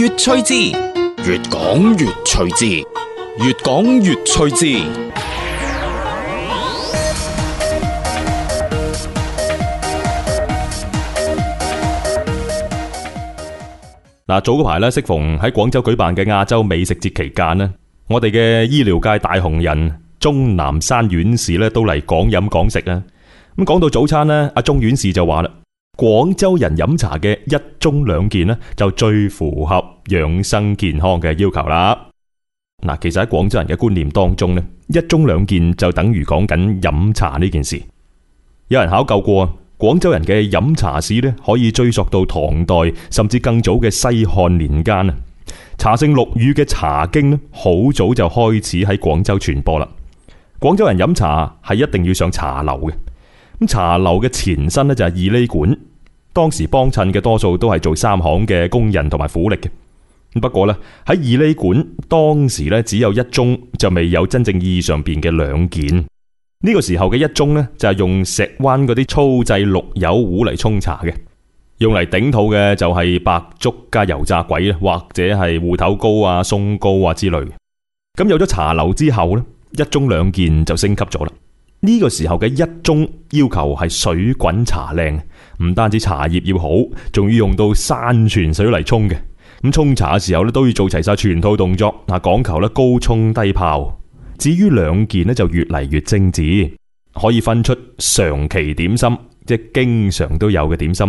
越講越趣字，越講越趣字，越講越趣字。嗱，早嗰排咧，適逢喺廣州舉辦嘅亞洲美食節期間咧，我哋嘅醫療界大紅人鍾南山院士咧都嚟講飲講食啊。咁講到早餐咧，阿鍾院士就話啦。廣州人飲茶嘅一盅兩件呢，就最符合養生健康嘅要求啦。嗱，其實喺廣州人嘅觀念當中咧，一盅兩件就等於講緊飲茶呢件事。有人考究過，廣州人嘅飲茶史呢，可以追溯到唐代，甚至更早嘅西漢年間。茶聖陸羽嘅《茶經》呢，好早就開始喺廣州傳播啦。廣州人飲茶係一定要上茶樓嘅。咁茶樓嘅前身咧就係二厘館，當時幫襯嘅多數都係做三行嘅工人同埋苦力嘅。不過咧喺二厘館當時咧只有一盅，就未有真正意義上邊嘅兩件。呢個時候嘅一盅咧就係用石灣嗰啲粗製綠釉壺嚟沖茶嘅，用嚟頂肚嘅就係白粥加油炸鬼啦，或者係芋頭糕啊、鬆糕啊之類嘅。咁有咗茶樓之後咧，一盅兩件就升級咗啦。呢個時候嘅一盅要求係水滾茶靚，唔單止茶葉要好，仲要用到山泉水嚟沖嘅。咁沖茶嘅時候咧，都要做齊晒全套動作，嗱，講求咧高沖低泡。至於兩件咧，就越嚟越精致，可以分出長期點心，即係經常都有嘅點心；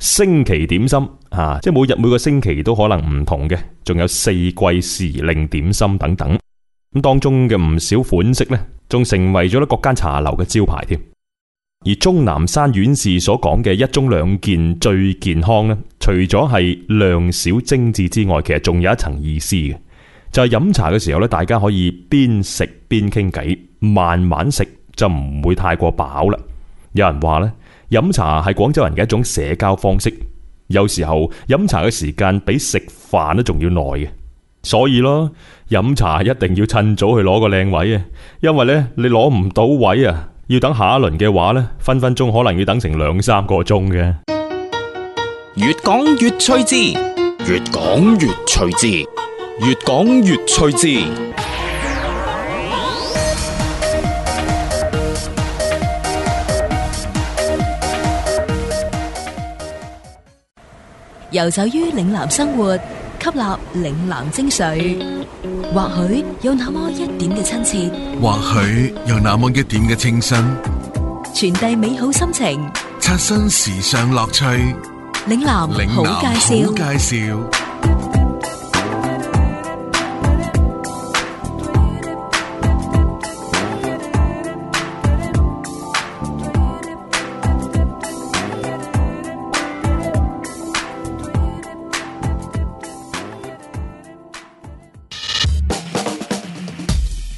星期點心，啊，即每日每個星期都可能唔同嘅，仲有四季時令點心等等。咁當中嘅唔少款式咧，仲成為咗各間茶樓嘅招牌添。而鍾南山院士所講嘅一盅兩件最健康咧，除咗係量少精緻之外，其實仲有一層意思嘅，就係飲茶嘅時候咧，大家可以邊食邊傾偈，慢慢食就唔會太過飽啦。有人話咧，飲茶係廣州人嘅一種社交方式，有時候飲茶嘅時間比食飯都仲要耐嘅。所以咯，飲茶一定要趁早去攞個靚位啊！因為咧，你攞唔到位啊，要等下一輪嘅話咧，分分鐘可能要等成兩三個鐘嘅。越講越趣致，越講越趣致，越講越趣致。游走於嶺南生活。吸納嶺南精髓，或許有那麼一點嘅親切，或許有那麼一點嘅清新，傳遞美好心情，刷新時尚樂趣。嶺南好介紹，好介紹。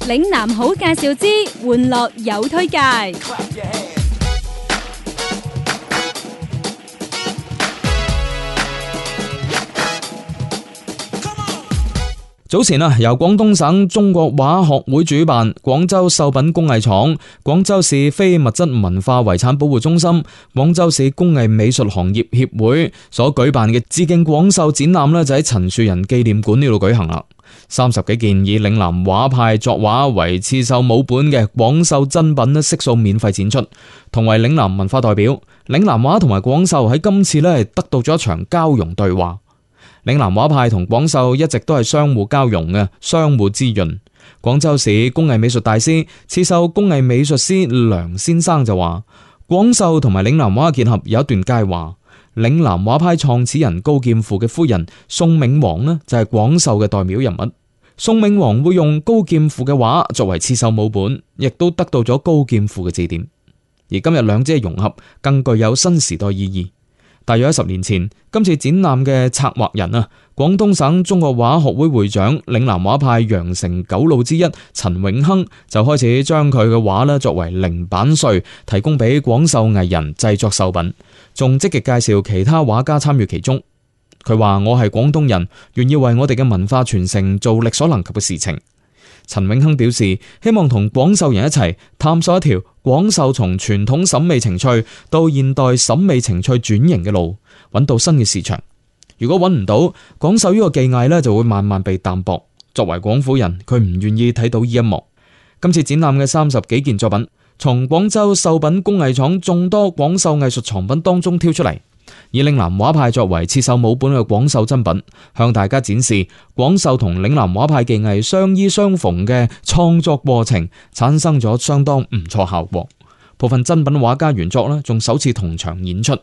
嶺南好介紹之，玩樂有推介。早前啊，由廣東省中國畫學會主辦、廣州繡品工藝廠、廣州市非物質文化遺產保護中心、廣州市工藝美術行業協會所舉辦嘅致敬廣繡展覽咧，就喺陳樹人紀念館呢度舉行啦。三十幾件以嶺南畫派作畫為刺繡母本嘅廣繡珍品咧，悉數免費展出。同為嶺南文化代表，嶺南畫同埋廣繡喺今次咧得到咗一場交融對話。嶺南畫派同廣繡一直都係相互交融嘅，相互滋潤。廣州市工藝美術大師、刺繡工藝美術師梁先生就話，廣繡同埋嶺南畫嘅結合有一段佳話。嶺南畫派創始人高劍父嘅夫人宋銘黃呢，就係廣繡嘅代表人物。宋銘黃會用高劍父嘅畫作為刺繡母本，亦都得到咗高劍父嘅指點。而今日兩者融合，更具有新時代意義。大約喺十年前，今次展覽嘅策劃人啊，廣東省中國畫學會會長、嶺南畫派羊城九老之一陳永亨，就開始將佢嘅畫呢作為零版稅提供俾廣繡藝人製作繡品。仲積極介紹其他畫家參與其中。佢話：我係廣東人，願意為我哋嘅文化傳承做力所能及嘅事情。陳永亨表示，希望同廣繡人一齊探索一條廣繡從傳統審美情趣到現代審美情趣轉型嘅路，揾到新嘅市場。如果揾唔到，廣繡呢個技藝咧就會慢慢被淡薄。作為廣府人，佢唔願意睇到呢一幕。今次展覽嘅三十幾件作品，從廣州繡品工藝廠眾多廣繡藝術藏品當中挑出嚟，以嶺南畫派作為刺繡母本嘅廣繡珍品，向大家展示廣繡同嶺南畫派技藝相依相逢嘅創作過程，產生咗相當唔錯效果。部分珍品畫家原作咧，仲首次同場演出。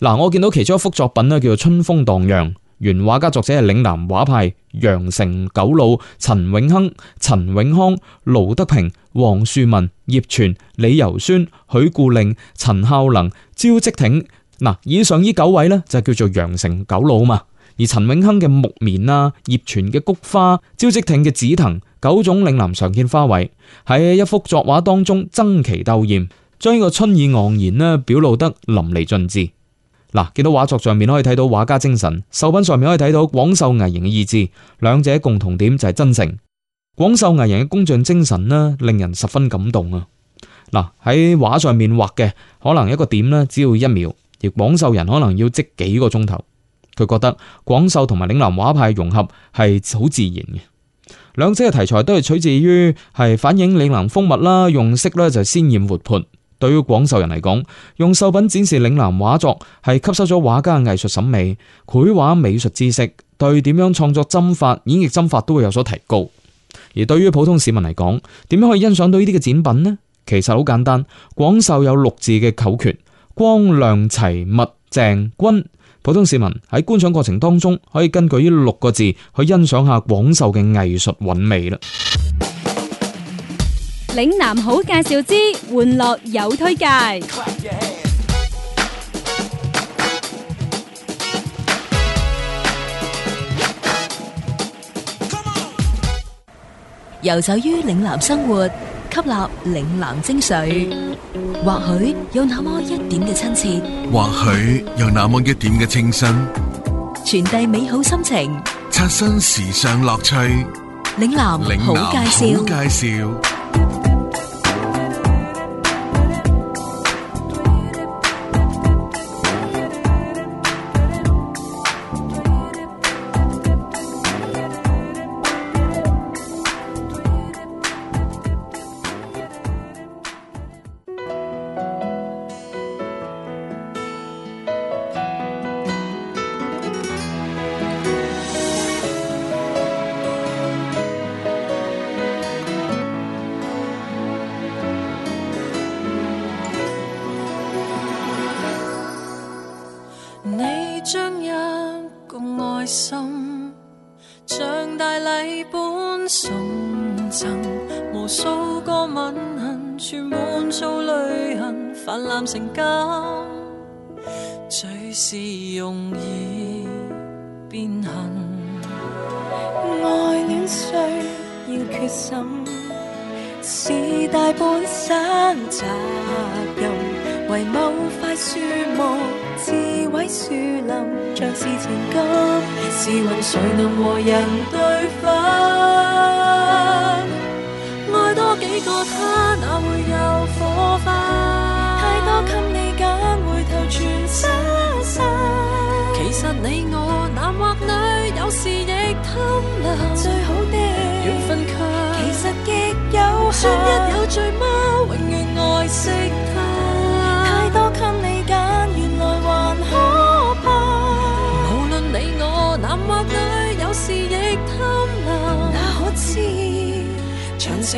嗱，我見到其中一幅作品咧，叫做《春風蕩漾》。原畫家作者係嶺南畫派羊城九老、陳永亨、陳永康、盧德平、黃樹文、葉泉、李尤宣、許固令、陳孝能、焦積挺。嗱，以上呢九位呢，就叫做羊城九老嘛。而陳永亨嘅木棉啦、葉泉嘅菊花、焦積挺嘅紫藤，九種嶺南常見花卉喺一幅作畫當中爭奇鬥艷，將呢個春意盎然呢，表露得淋漓盡致。嗱，見到畫作上面可以睇到畫家精神，繡品上面可以睇到廣繡藝人嘅意志，兩者共同點就係真誠。廣繡藝人嘅工匠精神呢，令人十分感動啊！嗱，喺畫上面畫嘅可能一個點呢，只要一秒，而廣繡人可能要織幾個鐘頭。佢覺得廣繡同埋嶺南畫派融合係好自然嘅，兩者嘅題材都係取自於係反映嶺南風物啦，用色呢就鮮艷活潑。對於廣繡人嚟講，用繡品展示嶺南畫作，係吸收咗畫家嘅藝術審美、繪畫美術知識，對點樣創作針法、演繹針法都會有所提高。而對於普通市民嚟講，點樣可以欣賞到呢啲嘅展品呢？其實好簡單，廣繡有六字嘅口訣：光、亮、齊、密、正、均。普通市民喺觀賞過程當中，可以根據呢六個字去欣賞下廣繡嘅藝術韻味啦。嶺南好介紹之，玩樂有推介。遊走於嶺南生活，吸納嶺南精髓，或許有那麼一點嘅親切，或許有那麼一點嘅清新，傳遞美好心情，刷新時尚樂趣。嶺南好介紹。無數個吻痕，全滿數淚痕，泛濫成災，最是容易變恨。愛戀需要決心，是大半生責任。為某塊樹木，自毀樹林，像是情感，試問誰能和人對分？幾個他哪會有火花？太多給你揀，回頭全失散。其實你我男或女，有時亦貪婪。最好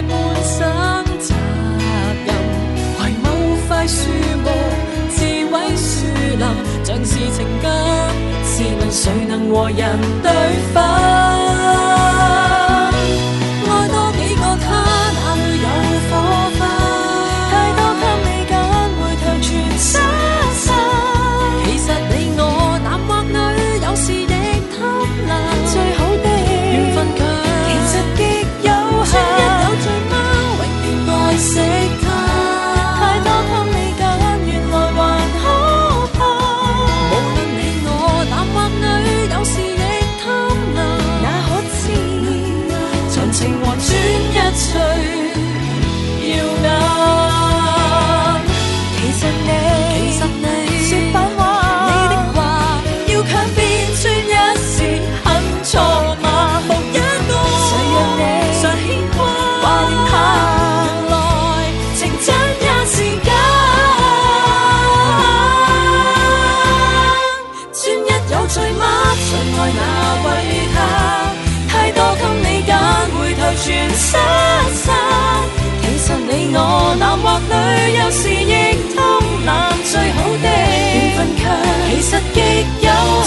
半生責任，為某塊樹木自毀樹林，像是情感。試問誰能和人對分？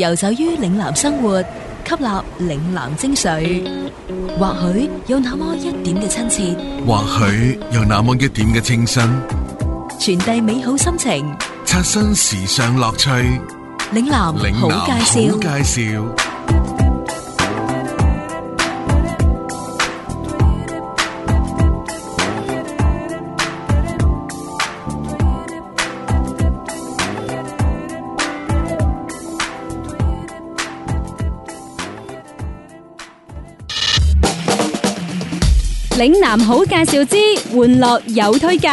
遊走於嶺南生活，吸納嶺南精髓，或許有那麼一點嘅親切，或許有那麼一點嘅清新，傳遞美好心情，刷新時尚樂趣。嶺南好介紹。嶺南好介紹之，玩樂有推介。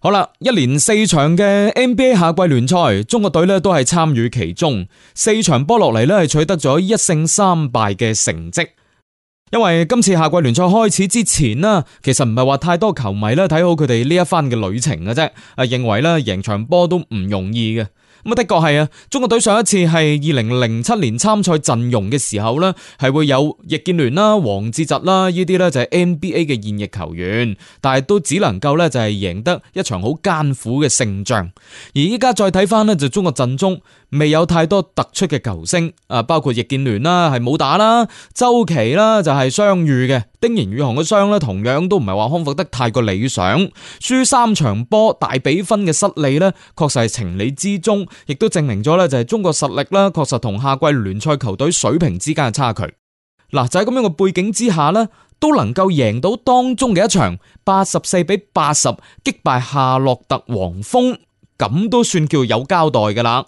好啦，一連四場嘅 NBA 夏季聯賽，中國隊咧都係參與其中，四場波落嚟咧係取得咗一勝三敗嘅成績。因為今次夏季聯賽開始之前呢，其實唔係話太多球迷咧睇好佢哋呢一番嘅旅程嘅啫，啊認為咧贏場波都唔容易嘅，咁啊的確係啊，中國隊上一次係二零零七年參賽陣容嘅時候呢係會有易建聯啦、王治郅啦呢啲呢就係 NBA 嘅現役球員，但係都只能夠呢就係贏得一場好艱苦嘅勝仗，而依家再睇翻呢，就中國陣中。未有太多突出嘅球星，啊，包括易建聯啦，係冇打啦，周琦啦就係傷愈嘅，丁彥雨航嘅傷咧同樣都唔係話康復得太過理想，輸三場波大比分嘅失利咧，確實係情理之中，亦都證明咗咧就係中國實力啦，確實同夏季聯賽球隊水平之間嘅差距。嗱，啊，就喺咁樣嘅背景之下咧，都能夠贏到當中嘅一場八十四比八十擊敗夏洛特黃蜂，咁都算叫有交代噶啦。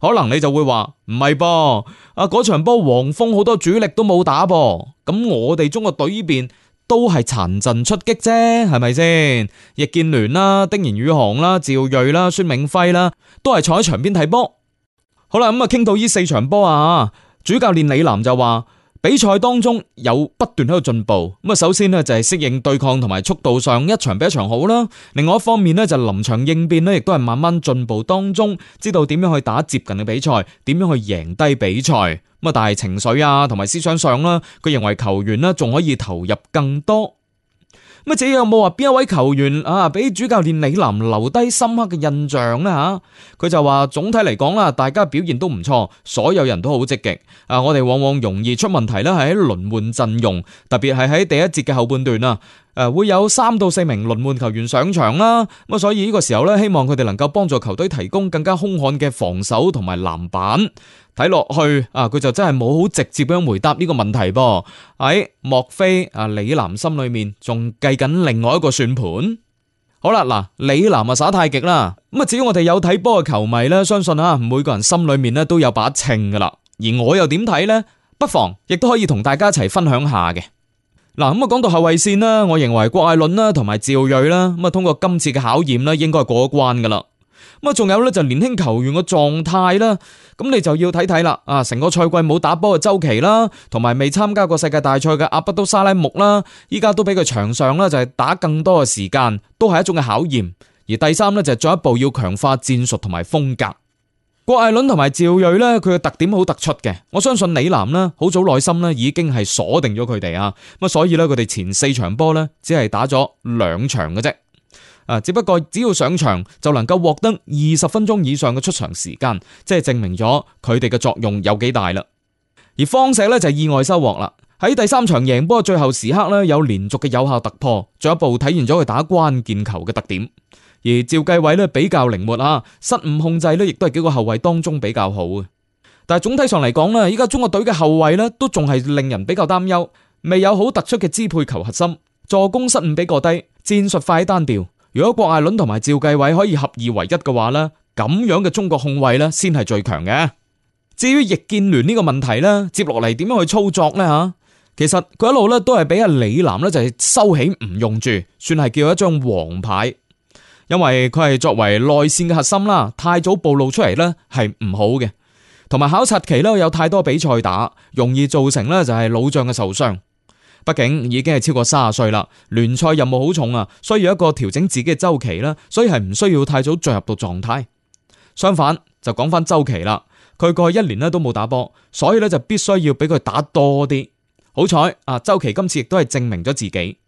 可能你就會話唔係噃，啊嗰場波黃蜂好多主力都冇打噃，咁我哋中國隊呢邊都係殘陣出擊啫，係咪先？易建聯啦、丁彥雨航啦、趙睿啦、孫銘徽啦，都係坐喺場邊睇波。好啦，咁、嗯、啊，傾到呢四場波啊，主教練李楠就話。比賽當中有不斷喺度進步，咁啊首先呢，就係適應對抗同埋速度上一場比一場好啦，另外一方面呢，就臨場應變呢，亦都係慢慢進步當中，知道點樣去打接近嘅比賽，點樣去贏低比賽，咁啊但係情緒啊同埋思想上啦，佢認為球員呢仲，可以投入更多。咁啊，有冇話邊一位球員啊，俾主教練李楠留低深刻嘅印象呢？吓，佢就話總體嚟講啦，大家表現都唔錯，所有人都好積極啊。我哋往往容易出問題呢，係喺輪換陣容，特別係喺第一節嘅後半段啊，誒會有三到四名輪換球員上場啦。咁所以呢個時候咧，希望佢哋能夠幫助球隊提供更加凶悍嘅防守同埋籃板。睇落去啊，佢就真係冇好直接咁樣回答呢個問題噃。喺、哎、莫非啊，李楠心裏面仲計緊另外一個算盤？好啦，嗱、啊，李楠啊耍太極啦。咁啊，至於我哋有睇波嘅球迷咧，相信啊，每個人心裏面咧都有把秤噶啦。而我又點睇呢？不妨亦都可以同大家一齊分享下嘅。嗱，咁啊，講、嗯、到後衛線啦，我認為郭艾倫啦同埋趙睿啦，咁啊，通過今次嘅考驗咧，應該係過咗關噶啦。咁啊，仲有咧就年輕球員嘅狀態啦。咁你就要睇睇啦，啊，成個賽季冇打波嘅周琦啦，同埋未參加過世界大賽嘅阿不都沙拉木啦，依家，都俾佢場上啦，就係打更多嘅時間，都係一種嘅考驗。而第三呢，就係進一步要強化戰術同埋風格。郭艾倫同埋趙睿呢，佢嘅特點好突出嘅，我相信李楠呢，好早內心呢已經係鎖定咗佢哋啊，咁所以呢，佢哋前四場波呢，只係打咗兩場嘅啫。啊！只不過只要上場就能夠獲得二十分鐘以上嘅出場時間，即係證明咗佢哋嘅作用有幾大啦。而方碩呢，就係意外收穫啦。喺第三場贏波嘅最後時刻呢，有連續嘅有效突破，進一步體現咗佢打關鍵球嘅特點。而趙繼偉呢，比較靈活啊，失誤控制呢，亦都係幾個後衛當中比較好嘅。但係總體上嚟講呢，依家中國隊嘅後衛呢，都仲係令人比較擔憂，未有好突出嘅支配球核心，助攻失誤比較低，戰術快單調。如果郭艾倫同埋趙繼偉可以合二為一嘅話呢，咁樣嘅中國控衛咧先係最強嘅。至於易建聯呢個問題咧，接落嚟點樣去操作呢？吓？其實佢一路咧都係俾阿李楠咧就係收起唔用住，算係叫一張王牌，因為佢係作為內線嘅核心啦，太早暴露出嚟咧係唔好嘅，同埋考察期咧有太多比賽打，容易造成咧就係老將嘅受傷。畢竟已經係超過三十歲啦，聯賽任務好重啊，需要一個調整自己嘅周期啦，所以係唔需要太早進入到狀態。相反，就講翻周琦啦，佢過去一年咧都冇打波，所以咧就必須要俾佢打多啲。好彩啊，周琦今次亦都係證明咗自己。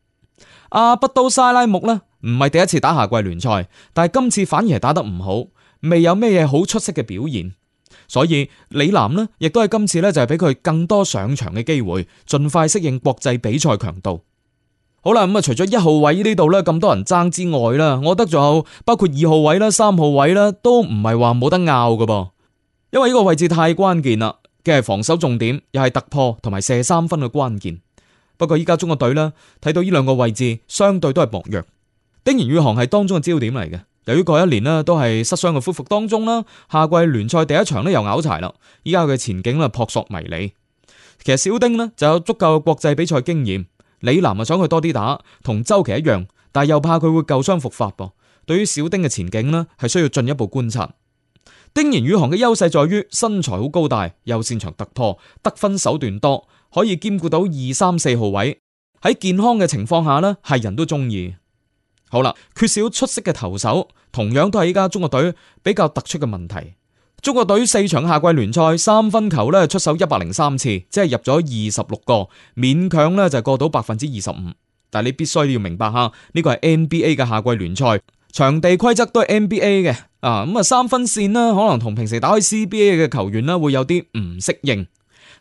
阿布多沙拉、拉木呢，唔係第一次打夏季聯賽，但係今次反而係打得唔好，未有咩嘢好出色嘅表現。所以李楠呢，亦都係今次呢，就係俾佢更多上場嘅機會，盡快適應國際比賽強度。好啦，咁、嗯、啊，除咗一號位呢度呢咁多人爭之外啦，我覺得仲有包括二號位啦、三號位啦，都唔係話冇得拗嘅噃，因為呢個位置太關鍵啦，既係防守重點，又係突破同埋射三分嘅關鍵。不過依家中國隊呢，睇到呢兩個位置相對都係薄弱，丁彥雨航係當中嘅焦點嚟嘅。由於過一年啦，都係膝傷嘅恢復當中啦，夏季聯賽第一場咧又拗柴啦，依家佢嘅前景啦撲朔迷離。其實小丁咧就有足夠嘅國際比賽經驗，李楠啊想佢多啲打，同周琦一樣，但係又怕佢會舊傷復發噃。對於小丁嘅前景咧，係需要進一步觀察。丁彥雨航嘅優勢在於身材好高大，又擅長突破，得分手段多，可以兼顧到二三四號位。喺健康嘅情況下咧，係人都中意。好啦，缺少出色嘅投手。同樣都係依家，中國隊比較突出嘅問題。中國隊四場夏季聯賽三分球咧出手一百零三次，即係入咗二十六個，勉強咧就過到百分之二十五。但係你必須要明白吓，呢、這個係 NBA 嘅夏季聯賽，場地規則都係 NBA 嘅啊。咁、嗯、啊三分線啦，可能同平時打喺 CBA 嘅球員啦會有啲唔適應。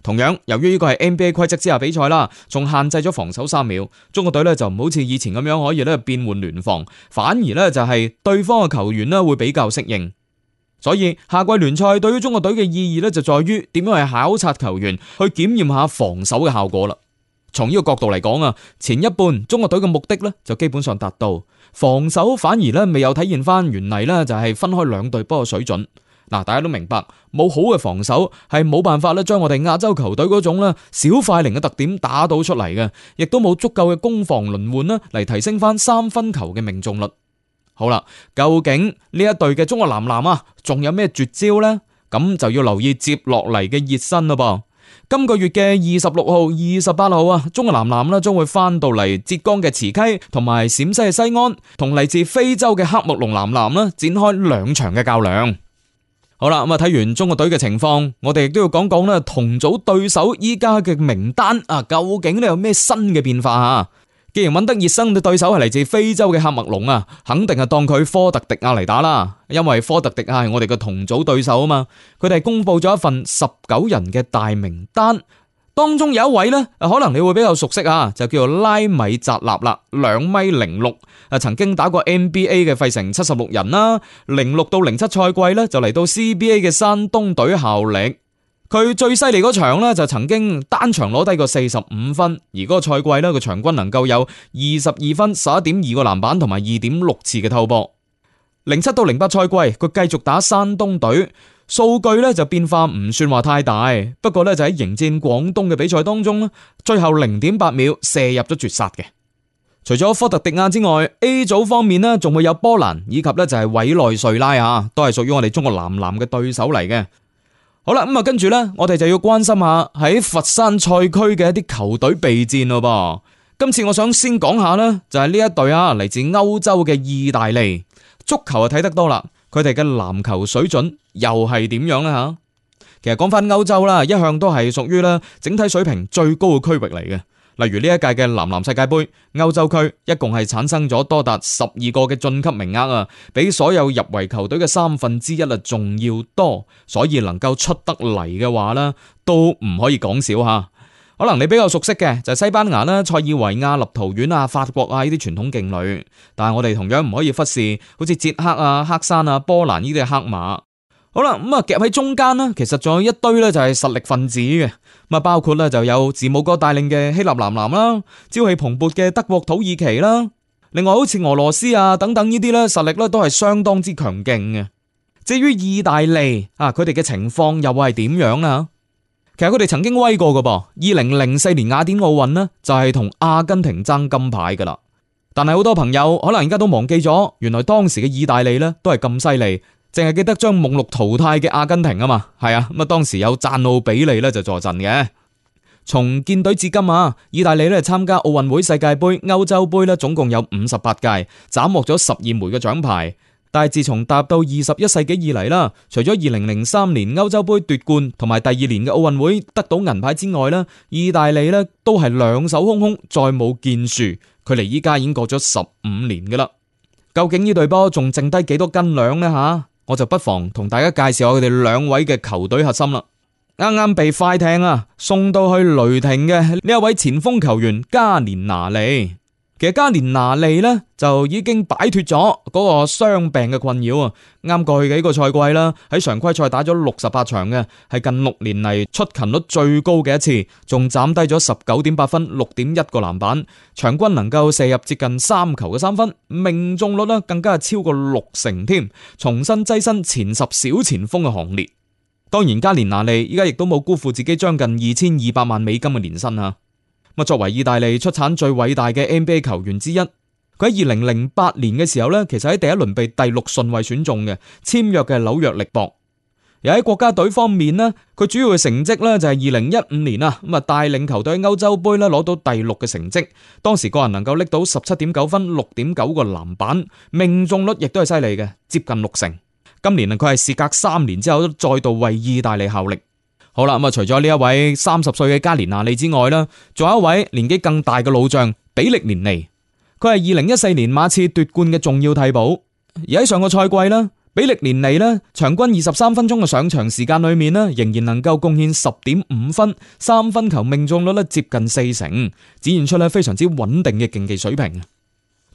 同樣，由於呢個係 NBA 規則之下比賽啦，仲限制咗防守三秒，中國隊呢就唔好似以前咁樣可以咧變換聯防，反而呢就係對方嘅球員呢會比較適應。所以夏季聯賽對於中國隊嘅意義呢，就在於點樣去考察球員，去檢驗下防守嘅效果啦。從呢個角度嚟講啊，前一半中國隊嘅目的呢，就基本上達到防守，反而呢未有體現翻原嚟呢，就係分開兩隊波嘅水準。嗱，大家都明白冇好嘅防守係冇辦法咧，將我哋亞洲球隊嗰種咧小快靈嘅特點打到出嚟嘅，亦都冇足夠嘅攻防輪換啦，嚟提升翻三分球嘅命中率。好啦，究竟呢一隊嘅中國男籃啊，仲有咩絕招呢？咁就要留意接落嚟嘅熱身啦。噃，今個月嘅二十六號、二十八號啊，中國男籃呢將會翻到嚟浙江嘅慈溪同埋陝西嘅西安，同嚟自非洲嘅黑木龍男籃呢展開兩場嘅較量。好啦，咁啊睇完中國隊嘅情況，我哋亦都要講講咧同組對手依家嘅名單啊，究竟咧有咩新嘅變化啊？既然揾得熱身嘅對手係嚟自非洲嘅黑麥龍啊，肯定係當佢科特迪亞嚟打啦，因為科特迪亞係我哋嘅同組對手啊嘛。佢哋公布咗一份十九人嘅大名單。當中有一位呢，可能你會比較熟悉啊，就叫做拉米扎納啦，兩米零六，啊，曾經打過 NBA 嘅費城七十六人啦，零六到零七賽季呢，就嚟到 CBA 嘅山東隊效力。佢最犀利嗰場呢，就曾經單場攞低過四十五分，而嗰個賽季呢，個場均能夠有二十二分、十一點二個籃板同埋二點六次嘅偷波。零七到零八賽季佢繼續打山東隊。數據咧就變化唔算話太大，不過咧就喺迎戰廣東嘅比賽當中咧，最後零點八秒射入咗絕殺嘅。除咗科特迪亞之外，A 組方面呢仲會有波蘭以及咧就係委內瑞拉啊，都係屬於我哋中國男籃嘅對手嚟嘅。好啦，咁啊，跟住呢，我哋就要關心下喺佛山賽區嘅一啲球隊備戰咯噃。今次我想先講下呢，就係呢一隊啊，嚟自歐洲嘅意大利足球啊，睇得多啦。佢哋嘅籃球水準又係點樣呢？吓？其實講翻歐洲啦，一向都係屬於咧整體水平最高嘅區域嚟嘅。例如呢一屆嘅男籃世界杯，歐洲區一共係產生咗多達十二個嘅晉級名額啊，比所有入圍球隊嘅三分之一啊仲要多，所以能夠出得嚟嘅話呢，都唔可以講少吓。可能你比較熟悉嘅就係西班牙啦、塞爾維亞、立陶宛啊、法國啊呢啲傳統勁旅，但係我哋同樣唔可以忽視，好似捷克啊、黑山啊、波蘭呢啲黑馬。好啦，咁啊夾喺中間啦，其實仲有一堆呢，就係實力分子嘅，咁啊包括呢就有字母哥帶領嘅希臘男籃啦，朝氣蓬勃嘅德國土耳其啦，另外好似俄羅斯啊等等呢啲呢實力咧都係相當之強勁嘅。至於意大利啊，佢哋嘅情況又會係點樣呢？其實佢哋曾經威過噶噃，二零零四年雅典奧運呢，就係同阿根廷爭金牌噶啦。但係好多朋友可能而家都忘記咗，原來當時嘅意大利呢都係咁犀利，淨係記得將夢六淘汰嘅阿根廷啊嘛。係啊，咁啊當時有贊奧比利呢就助陣嘅。從建隊至今啊，意大利呢參加奧運會、世界杯、歐洲杯呢，總共有五十八屆，斬獲咗十二枚嘅獎牌。但係自從踏到二十一世紀以嚟啦，除咗二零零三年歐洲盃奪冠同埋第二年嘅奧運會得到銀牌之外啦，意大利咧都係兩手空空，再冇建樹。距離依家已經過咗十五年噶啦，究竟，隊呢隊波仲剩低幾多斤兩呢？吓，我就不妨同大家介紹下佢哋兩位嘅球隊核心啦。啱啱被快艇啊送到去雷霆嘅呢一位前鋒球員加連拿利。其實加連拿利呢，就已經擺脫咗嗰個傷病嘅困擾啊！啱過去幾個賽季啦，喺常規賽打咗六十八場嘅，係近六年嚟出勤率最高嘅一次，仲斬低咗十九點八分、六點一個籃板，場均能夠射入接近三球嘅三分，命中率呢更加係超過六成添，重新躋身前十小前鋒嘅行列。當然，加連拿利依家亦都冇辜負自己將近二千二百萬美金嘅年薪啊！咁啊，作為意大利出產最偉大嘅 NBA 球員之一，佢喺二零零八年嘅時候咧，其實喺第一輪被第六順位選中嘅，簽約嘅紐約力搏。而喺國家隊方面咧，佢主要嘅成績咧就係二零一五年啊，咁啊帶領球隊喺歐洲杯咧攞到第六嘅成績，當時個人能夠拎到十七點九分、六點九個籃板，命中率亦都係犀利嘅，接近六成。今年佢係事隔三年之後，都再度為意大利效力。好啦，咁、嗯、啊，除咗呢一位三十歲嘅加連拿利之外呢，仲有一位年紀更大嘅老將比利連尼，佢係二零一四年馬刺奪冠嘅重要替補。而喺上個賽季啦，比利連尼咧，場均二十三分鐘嘅上場時間裏面咧，仍然能夠貢獻十點五分，三分球命中率咧接近四成，展現出咧非常之穩定嘅競技水平。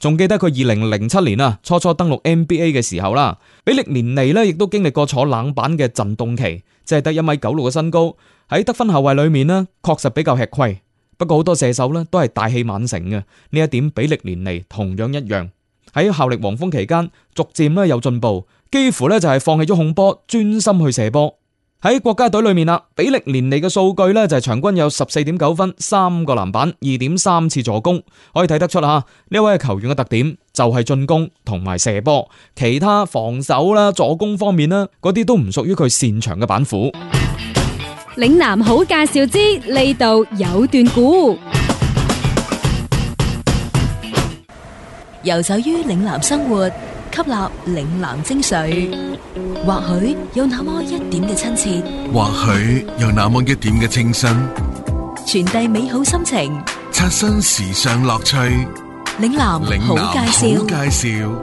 仲記得佢二零零七年啊，初初登陸 NBA 嘅時候啦，比利連尼咧亦都經歷過坐冷板嘅震動期。就係得一米九六嘅身高，喺得分後衛裏面啦，確實比較吃虧。不過好多射手咧都係大器晚成嘅，呢一點比歷年嚟同樣一樣。喺效力黃蜂期間，逐漸咧有進步，幾乎咧就係放棄咗控波，專心去射波。喺國家隊裏面啦，比利連尼嘅數據呢，就係場均有十四點九分、三個籃板、二點三次助攻，可以睇得出啦吓，呢位球員嘅特點就係、是、進攻同埋射波，其他防守啦、助攻方面啦，嗰啲都唔屬於佢擅長嘅板斧。嶺南好介紹之，呢度有段古，遊走於嶺南生活。吸納嶺南精髓，或許有那麼一點嘅親切，或許有那麼一點嘅清新，傳遞美好心情，刷新時尚樂趣。嶺南好介紹。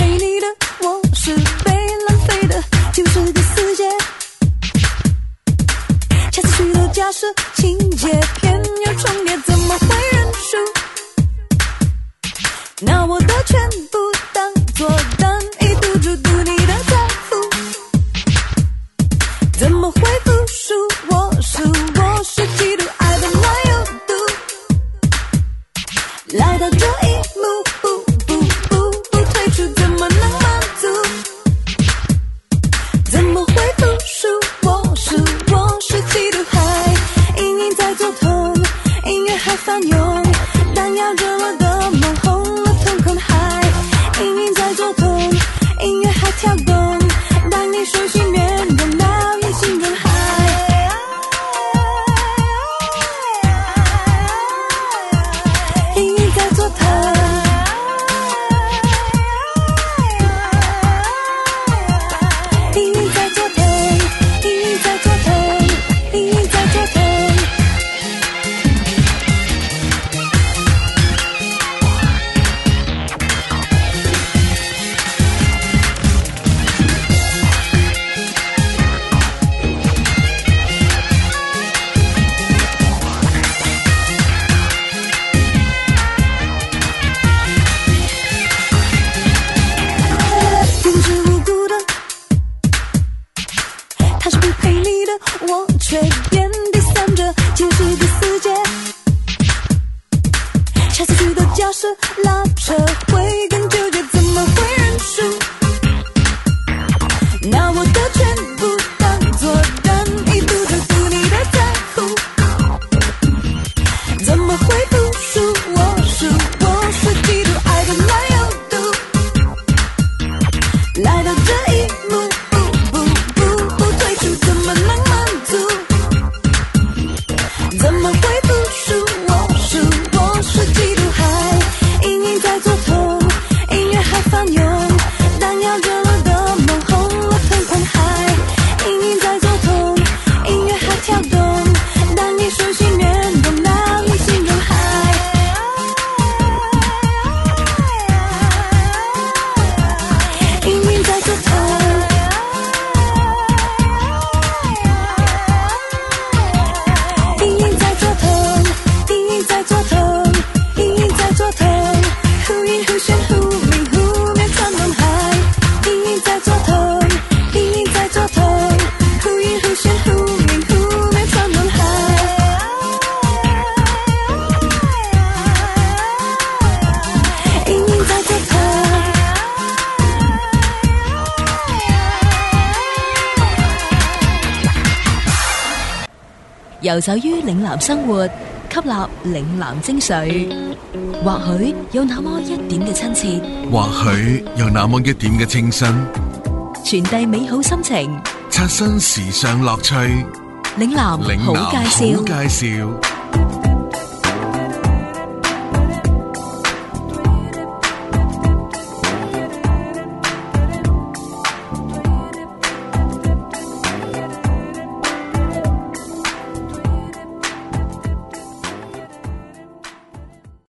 遊走於嶺南生活，吸納嶺南精髓，或許有那麼一點嘅親切，或許有那麼一點嘅清新，傳遞美好心情，刷新時尚樂趣。嶺南，好介紹，好介紹。